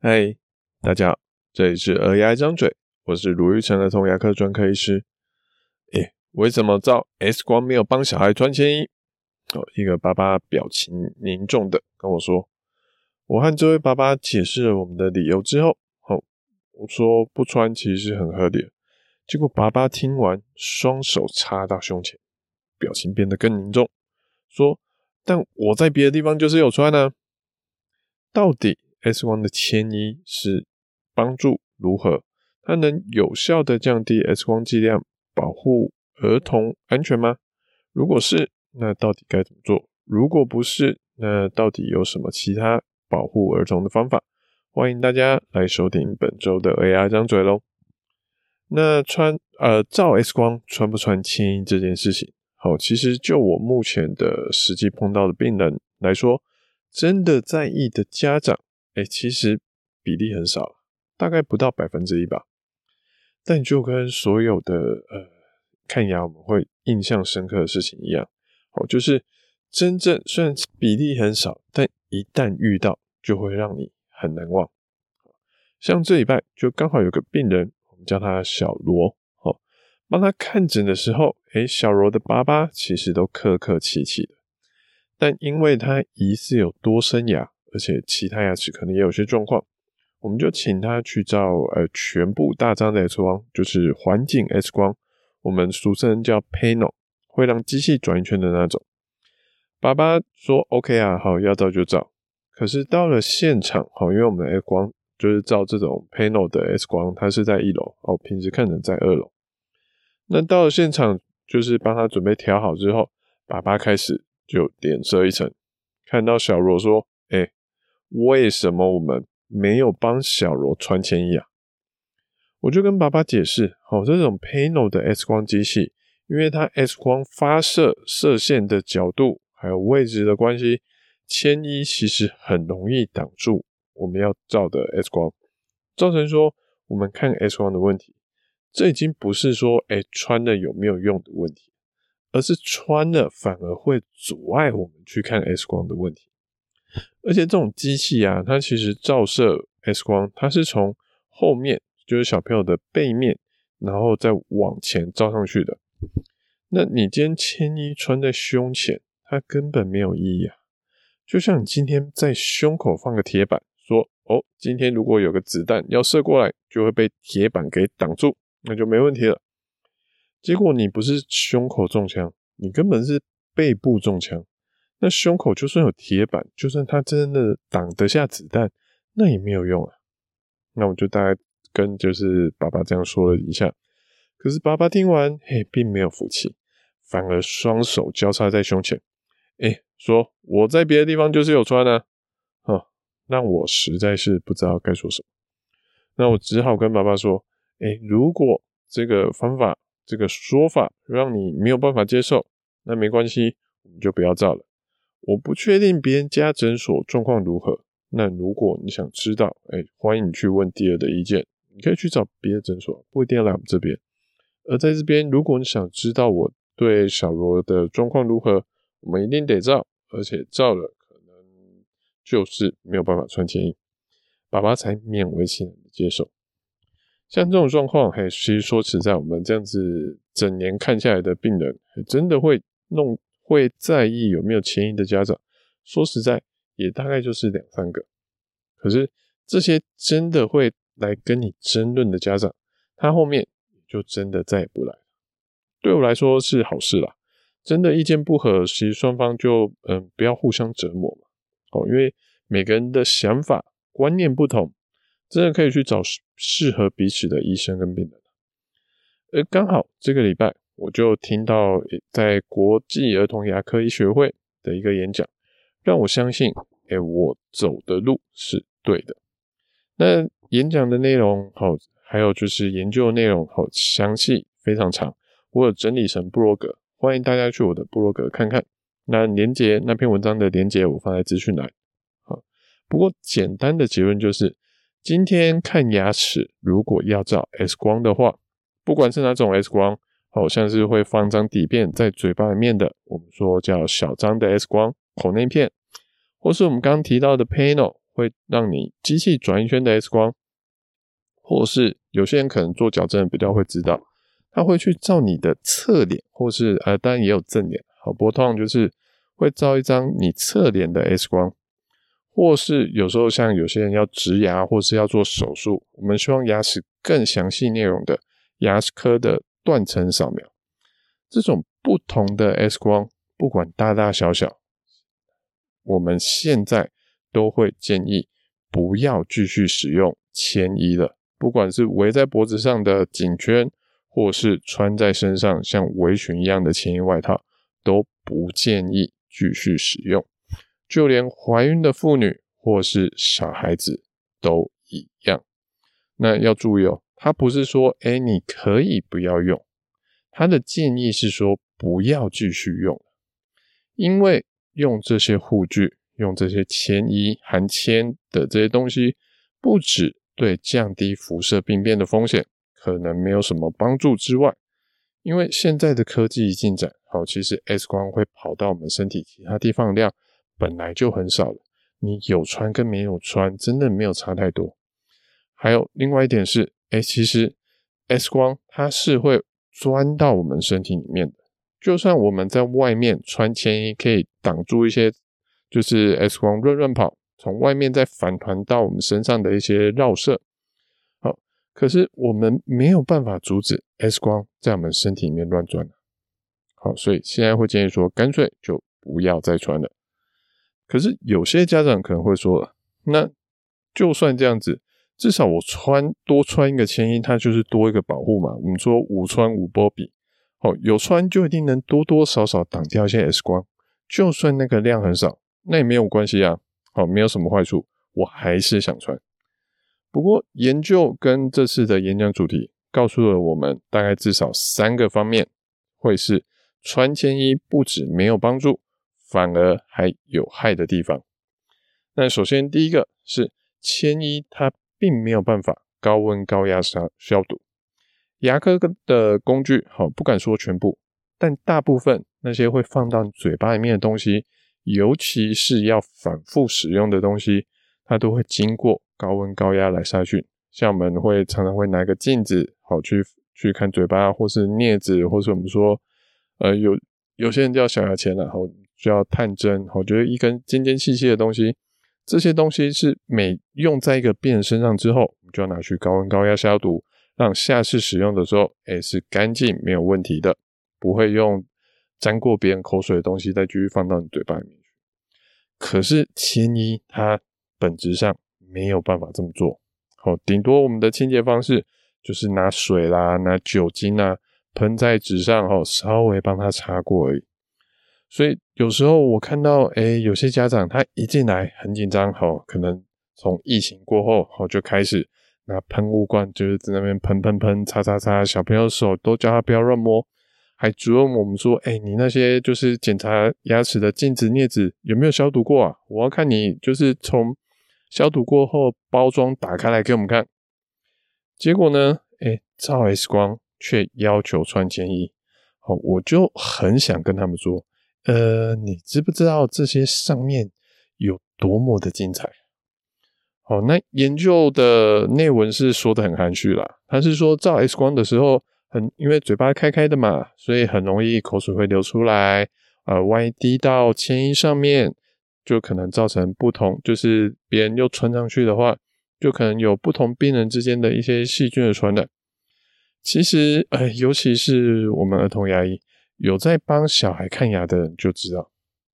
嗨，hey, 大家好，這裡是兒牙一張嘴，我是魯豫成兒童牙科專科醫師。誒、欸，為什麼照 X 光沒有幫小孩穿鉛衣？哦，一個爸爸表情凝重的跟我說，我和這位爸爸解釋了我們的理由之後，哦，我說不穿其實是很合理。結果爸爸聽完，雙手插到胸前，表情變得更凝重，說：“但我在別的地方就是有穿呢、啊，到底？” X 光的鉛衣是幫助如何？它能有效的降低 X 光劑量，保護兒童安全嗎？如果是，那到底該怎麼做？如果不是，那到底有什麼其他保護兒童的方法？歡迎大家來收聽本周的兒牙一張嘴嘍。那穿呃照 X 光穿不穿鉛衣這件事情，好，其實就我目前的實際碰到的病人來說，真的在意的家長。哎，其實比例很少，大概不到百分之一吧。但就跟所有的呃看牙我們會印象深刻的事情一樣，哦，就是真正雖然比例很少，但一旦遇到就會讓你很難忘。像這禮拜就剛好有個病人，我們叫他小羅，哦，幫他看診的時候，哎，小羅的爸爸其實都客客氣氣的，但因為他疑似有多生牙。而且其他牙齒可能也有些狀況，我們就請他去照呃全部大張的 X 光，就是環景 X 光，我們俗稱叫 panel，會讓機器轉一圈的那種。爸爸說 OK 啊，好，要照就照。可是到了現場，好，因為我們的 X 光就是照這種 panel 的 X 光，它是在一樓，哦，平時看能在二樓。那到了現場，就是幫他準備調好之後，爸爸開始就臉色一沉，看到小若說，哎、欸。為什麼我們沒有幫小羅穿鉛衣啊？我就跟爸爸解釋，好、哦，這種 panel 的 X 光機器，因為它 X 光發射射線的角度還有位置的關係，鉛衣其實很容易擋住我們要照的 X 光，造成說我們看 X 光的問題。這已經不是說哎、欸、穿了有沒有用的問題，而是穿了反而會阻礙我們去看 X 光的問題。而且這種機器啊，它其實照射 X 光，它是從後面，就是小朋友的背面，然後再往前照上去的。那你今天鉛衣穿在胸前，它根本沒有意義啊。就像你今天在胸口放個鐵板，說哦，今天如果有個子彈要射過來，就會被鐵板給擋住，那就沒問題了。結果你不是胸口中槍，你根本是背部中槍。那胸口就算有鐵板，就算他真的擋得下子彈，那也沒有用啊。那我就大概跟就是爸爸這樣說了一下。可是爸爸聽完，嘿，並沒有服氣，反而雙手交叉在胸前，誒、欸、說，我在別的地方就是有穿啊。哈，那我實在是不知道該說什麼。那我只好跟爸爸說，哎、欸，如果這個方法、這個說法讓你沒有辦法接受，那沒關係，我們就不要照了。我不確定別人家診所狀況如何。那如果你想知道，哎、欸，歡迎你去問第二的意見。你可以去找別的診所，不一定要來我們這邊。而在這邊，如果你想知道我對小羅的狀況如何，我們一定得照，而且照了可能就是沒有辦法穿鉛衣，爸爸才勉為其難的接受。像這種狀況，嘿、欸，其實說實在，我們這樣子整年看下來的病人，還真的會弄。會在意有沒有鉛衣的家長，說實在，也大概就是兩三個。可是這些真的會來跟你爭論的家長，他後面就真的再也不來了。對我來說是好事啦，真的意見不合，其實雙方就嗯不要互相折磨嘛。哦，因為每個人的想法觀念不同，真的可以去找適合彼此的醫生跟病人。而剛好這個禮拜。我就聽到在國際兒童牙科醫學會的一個演講，讓我相信，誒、欸，我走的路是對的。那演講的內容好，還有就是研究內容好詳細，非常長。我有整理成部落格，歡迎大家去我的部落格看看。那連結那篇文章的連結，我放在資訊欄。好，不過簡單的結論就是，今天看牙齒，如果要照 X 光的話，不管是哪種 X 光。好像是會放一張底片在嘴巴裡面的，我們說叫小張的 X 光口內片，或是我們剛剛提到的 panel，會讓你機器轉一圈的 X 光，或是有些人可能做矯正比較會知道，他會去照你的側臉，或是呃，當然也有正臉，好，不痛，就是會照一張你側臉的 X 光，或是有時候像有些人要植牙或是要做手術，我們希望牙齒更詳細內容的牙科的。斷層掃描，這種不同的 X 光，不管大大小小，我們現在都會建議不要繼續使用鉛衣了。不管是圍在脖子上的頸圈，或是穿在身上像圍裙一樣的鉛衣外套，都不建議繼續使用。就連懷孕的婦女或是小孩子都一樣。那要注意哦。他不是說，哎，你可以不要用。他的建議是說，不要繼續用，因為用這些護具、用這些鉛衣含鉛的這些東西，不止對降低輻射病變的風險可能沒有什麼幫助之外，因為現在的科技進展好，其實 X 光會跑到我們身體其他地方的量本來就很少了，你有穿跟沒有穿真的沒有差太多。還有另外一點是，哎、欸，其實 X 光它是會鑽到我們身體裡面的，就算我們在外面穿鉛衣，可以擋住一些，就是 X 光亂亂跑，從外面再反彈到我們身上的一些繞射。好，可是我們沒有辦法阻止 X 光在我們身體裡面亂鑽。好，所以現在會建議說，乾脆就不要再穿了。可是有些家長可能會說，那就算這樣子。至少我穿多穿一個鉛衣，它就是多一個保護嘛。我們說無穿無保庇，哦，有穿就一定能多多少少擋掉一些 X 光，就算那個量很少，那也沒有關係啊，好沒有什麼壞處，我還是想穿。不過研究跟這次的演講主題告訴了我們，大概至少三個方面會是穿鉛衣不止沒有幫助，反而還有害的地方。那首先第一個是鉛衣它。並沒有辦法高溫高壓殺消毒，牙科的工具好，不敢說全部，但大部分那些會放到嘴巴裡面的東西，尤其是要反覆使用的東西，它都會經過高溫高壓來殺菌。像我們會常常會拿個鏡子好去去看嘴巴，或是鑷子，或是我們說呃，有有些人叫小牙籤，了，好，需要探針，我覺得一根尖尖細細的東西。這些東西是每用在一個病人身上之後，我們就要拿去高溫高壓消毒，讓下次使用的時候，哎、欸、是乾淨沒有問題的，不會用沾過別人口水的東西再繼續放到你嘴巴裡面去。可是鉛衣它本質上沒有辦法這麼做，哦，頂多我們的清潔方式就是拿水啦、拿酒精啦，噴在紙上，哦，稍微幫他擦過而已。所以有時候我看到，哎、欸，有些家長他一進來很緊張，吼、哦，可能從疫情過後，吼、哦、就開始拿噴霧罐，就是在那邊噴噴噴、擦擦擦，小朋友手都叫他不要亂摸，還質問我們說，哎、欸，你那些就是檢查牙齒的鏡子、鑷子有沒有消毒過啊？我要看你就是從消毒過後包裝打開來給我們看。結果呢，哎、欸，照 X 光卻要求穿鉛衣，好、哦，我就很想跟他們說。呃，你知不知道這些上面有多麼的精彩？好，那研究的內文是說的很含蓄啦，它是說照 X 光的時候很，很因為嘴巴開開的嘛，所以很容易口水會流出來，呃，萬一滴到鉛衣上面，就可能造成不同，就是別人又穿上去的話，就可能有不同病人之間的一些細菌的傳染。其實，呃，尤其是我們兒童牙醫。有在幫小孩看牙的人就知道，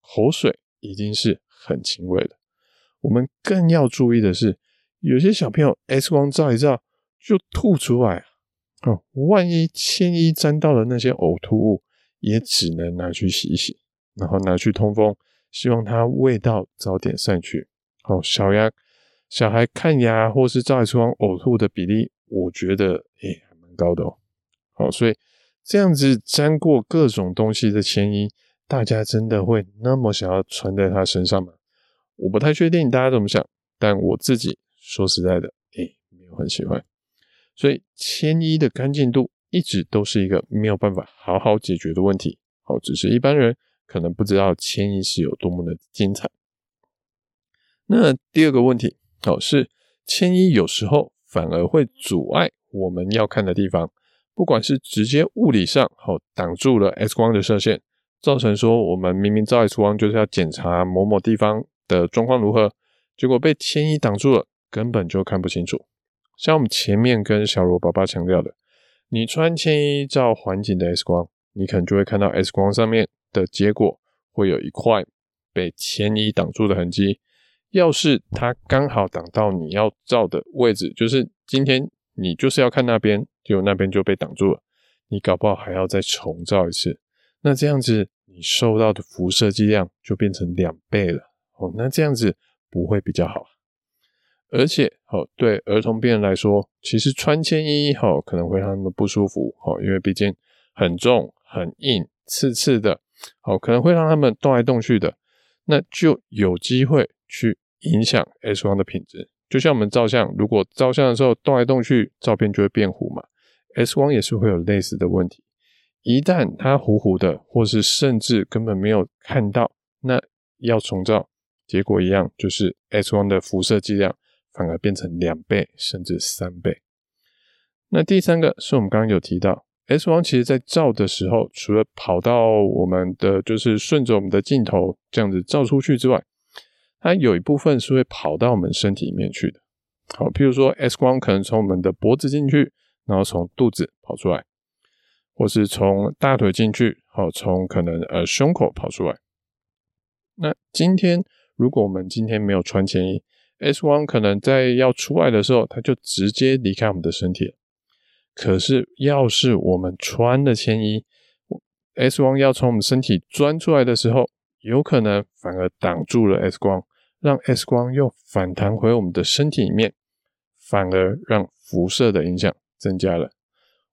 口水已經是很輕微了。我們更要注意的是，有些小朋友 X 光照一照就吐出來，哦，萬一鉛衣沾到了那些嘔吐物，也只能拿去洗一洗，然後拿去通風，希望它味道早點散去。好，小牙小孩看牙或是照 X 光嘔吐的比例，我覺得誒、欸、還蠻高的哦。好，所以。這樣子沾過各種東西的鉛衣，大家真的會那麼想要穿在它身上嗎？我不太確定大家怎麼想，但我自己說實在的，哎、欸，沒有很喜歡。所以鉛衣的乾淨度一直都是一個沒有辦法好好解決的問題。好、哦，只是一般人可能不知道鉛衣是有多麼的精彩。那第二個問題，哦，是鉛衣有時候反而會阻礙我們要看的地方。不管是直接物理上，哦，擋住了 X 光的射線，造成說我們明明照 X 光就是要檢查某某地方的狀況如何，結果被鉛衣擋住了，根本就看不清楚。像我們前面跟小羅爸爸強調的，你穿鉛衣照環境的 X 光，你可能就會看到 X 光上面的結果會有一塊被鉛衣擋住的痕迹。要是它剛好擋到你要照的位置，就是今天你就是要看那邊。就那邊就被擋住了，你搞不好還要再重照一次。那這樣子，你受到的輻射劑量就變成兩倍了。哦，那這樣子不會比較好？而且，哦，對兒童病人來說，其實穿鉛衣，哦，可能會讓他們不舒服，哦，因為畢竟很重、很硬、刺刺的，哦，可能會讓他們動來動去的，那就有機會去影響 X 光的品質。就像我們照相，如果照相的時候動來動去，照片就會變糊嘛。X 光也是會有類似的問題，一旦它糊糊的，或是甚至根本沒有看到，那要重照，結果一樣，就是 X 光的輻射劑量反而變成兩倍甚至三倍。那第三個是我們剛剛有提到，X 光其實在照的時候，除了跑到我們的就是順着我們的鏡頭這樣子照出去之外，它有一部分是會跑到我們身體裡面去的。好，譬如說 X 光可能從我們的脖子進去。然後從肚子跑出來，或是從大腿進去，好，從可能呃胸口跑出來。那今天如果我們今天沒有穿鉛衣，X 光可能在要出來的時候，它就直接離開我們的身體。可是要是我們穿了鉛衣，X 光要從我們身體鑽出來的時候，有可能反而擋住了 X 光，讓 X 光又反彈回我們的身體裡面，反而讓輻射的影響。增加了，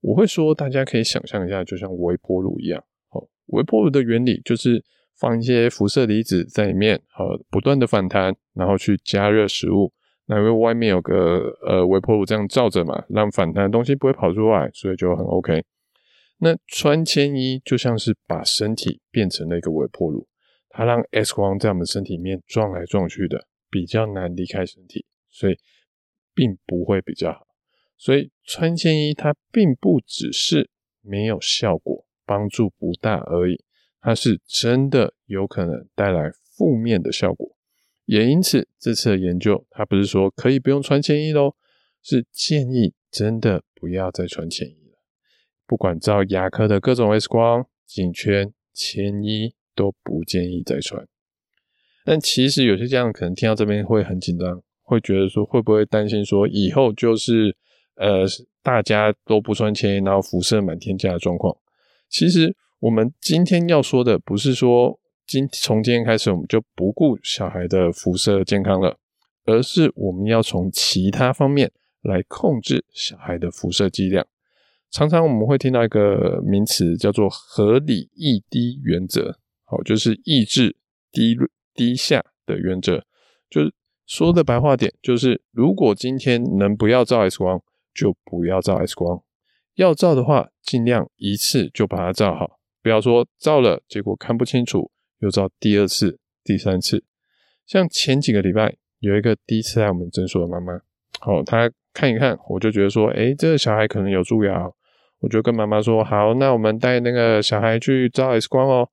我會說，大家可以想象一下，就像微波爐一樣。好，微波爐的原理就是放一些輻射離子在裡面，好，不斷的反彈，然後去加熱食物。那因為外面有個呃微波爐這樣罩著嘛，讓反彈的東西不會跑出來，所以就很 OK。那穿鉛衣就像是把身體變成了一個微波爐，它讓 X 光在我們身體裡面撞來撞去的，比較難離開身體，所以並不會比較好。所以穿鉛衣它並不只是沒有效果，幫助不大而已，它是真的有可能帶來負面的效果。也因此，這次的研究它不是說可以不用穿鉛衣嘍，是建議真的不要再穿鉛衣了。不管照牙科的各種 X 光、頸圈、鉛衣都不建議再穿。但其實有些家長可能聽到這邊會很緊張，會覺得說會不會擔心說以後就是。呃，大家都不穿鉛衣然後輻射滿天下的狀況。其實，我們今天要說的不是說今從今天開始我們就不顧小孩的輻射健康了，而是我們要從其他方面來控制小孩的輻射劑量。常常我們會聽到一個名詞叫做“合理抑低原則”，好，就是抑制低低下的原則。就是說的白話點，就是如果今天能不要照 X 光。.就不要照 X 光，要照的話，盡量一次就把它照好，不要說照了，結果看不清楚，又照第二次、第三次。像前幾個禮拜，有一個第一次來我們診所的媽媽，好，她看一看，我就覺得說，誒、欸，這個小孩可能有蛀牙喔，我就跟媽媽說，好，那我們帶那個小孩去照 X 光哦、喔。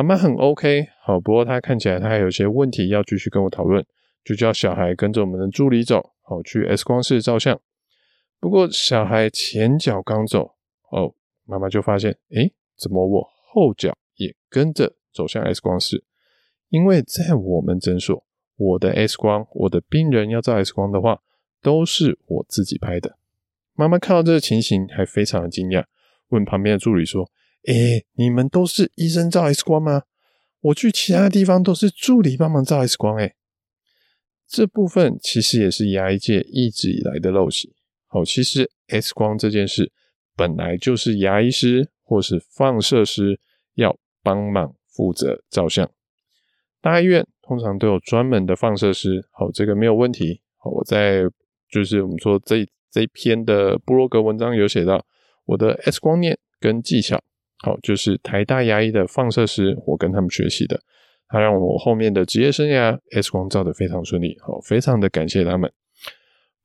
媽媽很 OK，好，不過她看起來她還有些問題要繼續跟我討論，就叫小孩跟着我們的助理走，好，去 X 光室照相。不過，小孩前腳剛走哦，媽媽就發現，誒，怎麼我後腳也跟着走向 X 光室？因為在我們診所，我的 X 光，我的病人要照 X 光的話，都是我自己拍的。媽媽看到這個情形，還非常的驚訝，問旁邊的助理說：“誒，你們都是醫生照 X 光嗎？我去其他地方都是助理幫忙照 X 光，誒。”這部分其實也是牙醫界一直以來的陋習。哦，其實 X 光這件事本來就是牙醫師或是放射師要幫忙負責照相。大醫院通常都有專門的放射師，好，這個沒有問題。好，我在就是我們說這一這一篇的部落格文章有寫到我的 X 光念跟技巧。好，就是台大牙醫的放射師，我跟他們學習的，他讓我後面的職業生涯 X 光照得非常順利。好，非常的感謝他們。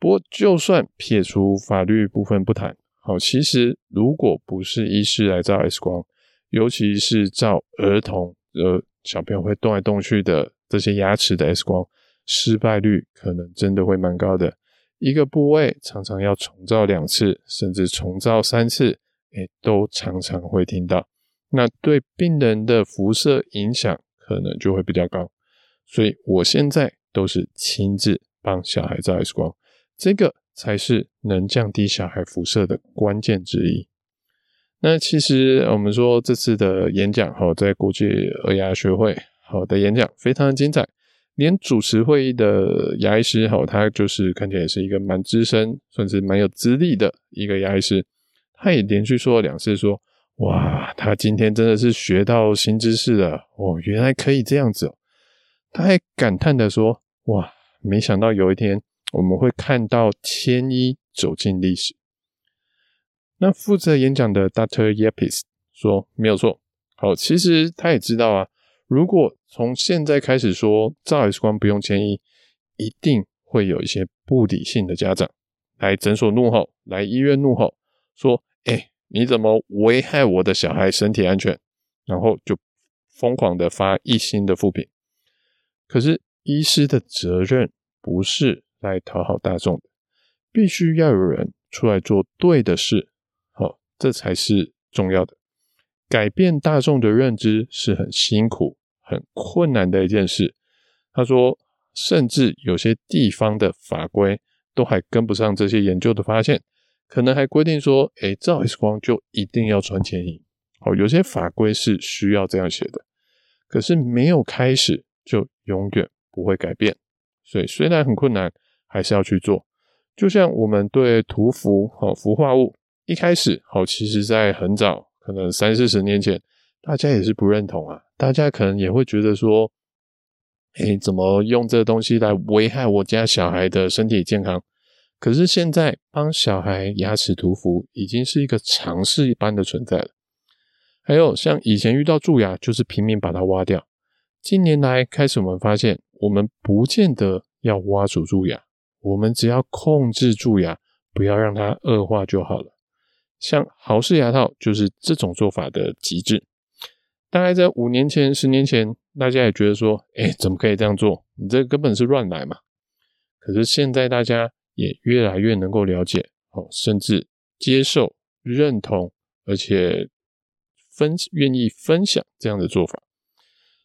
不過，就算撇除法律部分不談，好，其實如果不是醫師來照 X 光，尤其是照兒童，呃，小朋友會動來動去的這些牙齒的 X 光，失敗率可能真的會蠻高的。一個部位常常要重照兩次，甚至重照三次，誒，都常常會聽到。那對病人的輻射影響可能就會比較高。所以我現在都是親自幫小孩照 X 光。這個才是能降低小孩輻射的關鍵之一。那其實我們說這次的演講哈，在國際兒牙學會好的演講非常的精彩，連主持會議的牙醫師好，他就是看起來也是一個蠻資深，算是蠻有資歷的一個牙醫師，他也連續說了兩次說，哇，他今天真的是學到新知識了，哦，原來可以這樣子，哦，他還感嘆地說，哇，沒想到有一天。我們會看到鉛衣走進歷史。那負責演講的 Dr. Yappis 說：“沒有錯，好、哦，其實他也知道啊。如果從現在開始說照 X 光不用鉛衣，一定會有一些不理性的家長來診所怒吼，來醫院怒吼，說：‘哎，你怎麼危害我的小孩身體安全？’然後就瘋狂地發一星的負評。可是醫師的責任不是。”來討好大眾的，必須要有人出來做對的事，好、哦，這才是重要的。改變大眾的認知是很辛苦、很困難的一件事。他說，甚至有些地方的法規都還跟不上這些研究的發現，可能還規定說，誒、欸，照 X 光就一定要穿鉛衣。好、哦，有些法規是需要這樣寫的，可是沒有開始就永遠不會改變。所以，雖然很困難。還是要去做，就像我們對塗氟和氟化物，一開始好、哦，其實在很早可能三四十年前，大家也是不認同啊，大家可能也會覺得說，哎、欸，怎麼用這東西來危害我家小孩的身體健康？可是現在幫小孩牙齒塗氟已經是一個常事一般的存在了。還有像以前遇到蛀牙，就是拼命把它挖掉。近年來開始，我們發現，我們不見得要挖除蛀牙。我們只要控制蛀牙，不要讓它惡化就好了。像豪氏牙套就是這種做法的極致。大概在五年前、十年前，大家也覺得說：“誒、欸，怎麼可以這樣做？你這根本是亂來嘛！”可是現在大家也越來越能夠了解、哦，甚至接受、認同，而且分願意分享這樣的做法。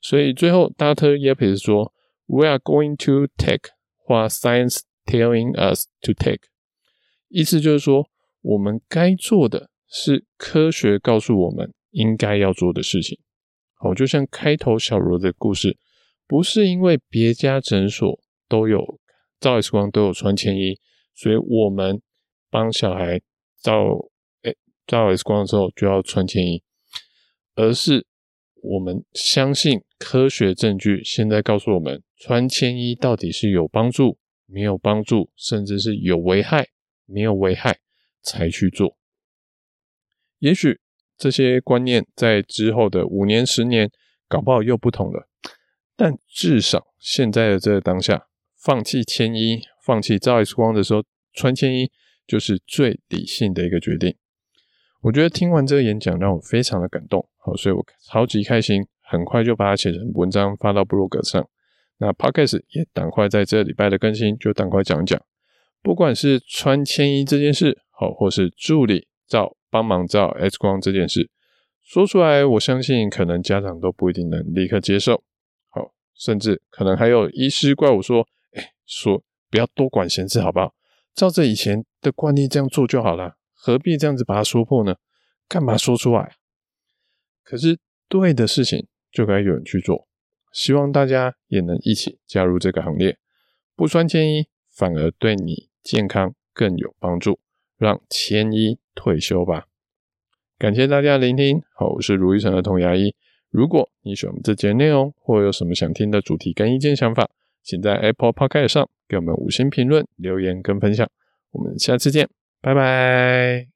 所以最後，Dr. Yepis 說：“We are going to take 畫 science。” Telling us to take，意思就是說，我們該做的是科學告訴我們應該要做的事情。好，就像開頭小羅的故事，不是因為別家診所都有照 X 光都有穿鉛衣，所以我們幫小孩照誒、欸，照 X 光的時候就要穿鉛衣，而是我們相信科學證據，現在告訴我們穿鉛衣到底是有幫助。沒有幫助，甚至是有危害，沒有危害才去做。也許這些觀念在之後的五年、十年，搞不好又不同了。但至少現在的這個當下，放棄鉛衣、放棄照 X 光的時候，穿鉛衣就是最理性的一個決定。我覺得聽完這個演講，讓我非常的感動。好，所以我超級開心，很快就把它寫成文章發到部落格上。那 Podcast 也趕快在這禮拜的更新就趕快講講，不管是穿鉛衣這件事，好，或是助理照幫忙照 X 光這件事，說出來，我相信可能家長都不一定能立刻接受，好，甚至可能還有醫師怪我說，哎、欸，說不要多管閒事好不好？照着以前的慣例這樣做就好了，何必這樣子把它說破呢？幹嘛說出來？可是對的事情就該有人去做。希望大家也能一起加入這個行列，不穿鉛衣，反而對你健康更有幫助，讓鉛衣退休吧。感謝大家的聆聽，好，我是盧奕辰的童牙醫。如果你喜歡我們這節內容，或有什麼想聽的主題跟意見想法，請在 Apple Podcast 上給我們五星評論、留言跟分享。我們下次見，拜拜。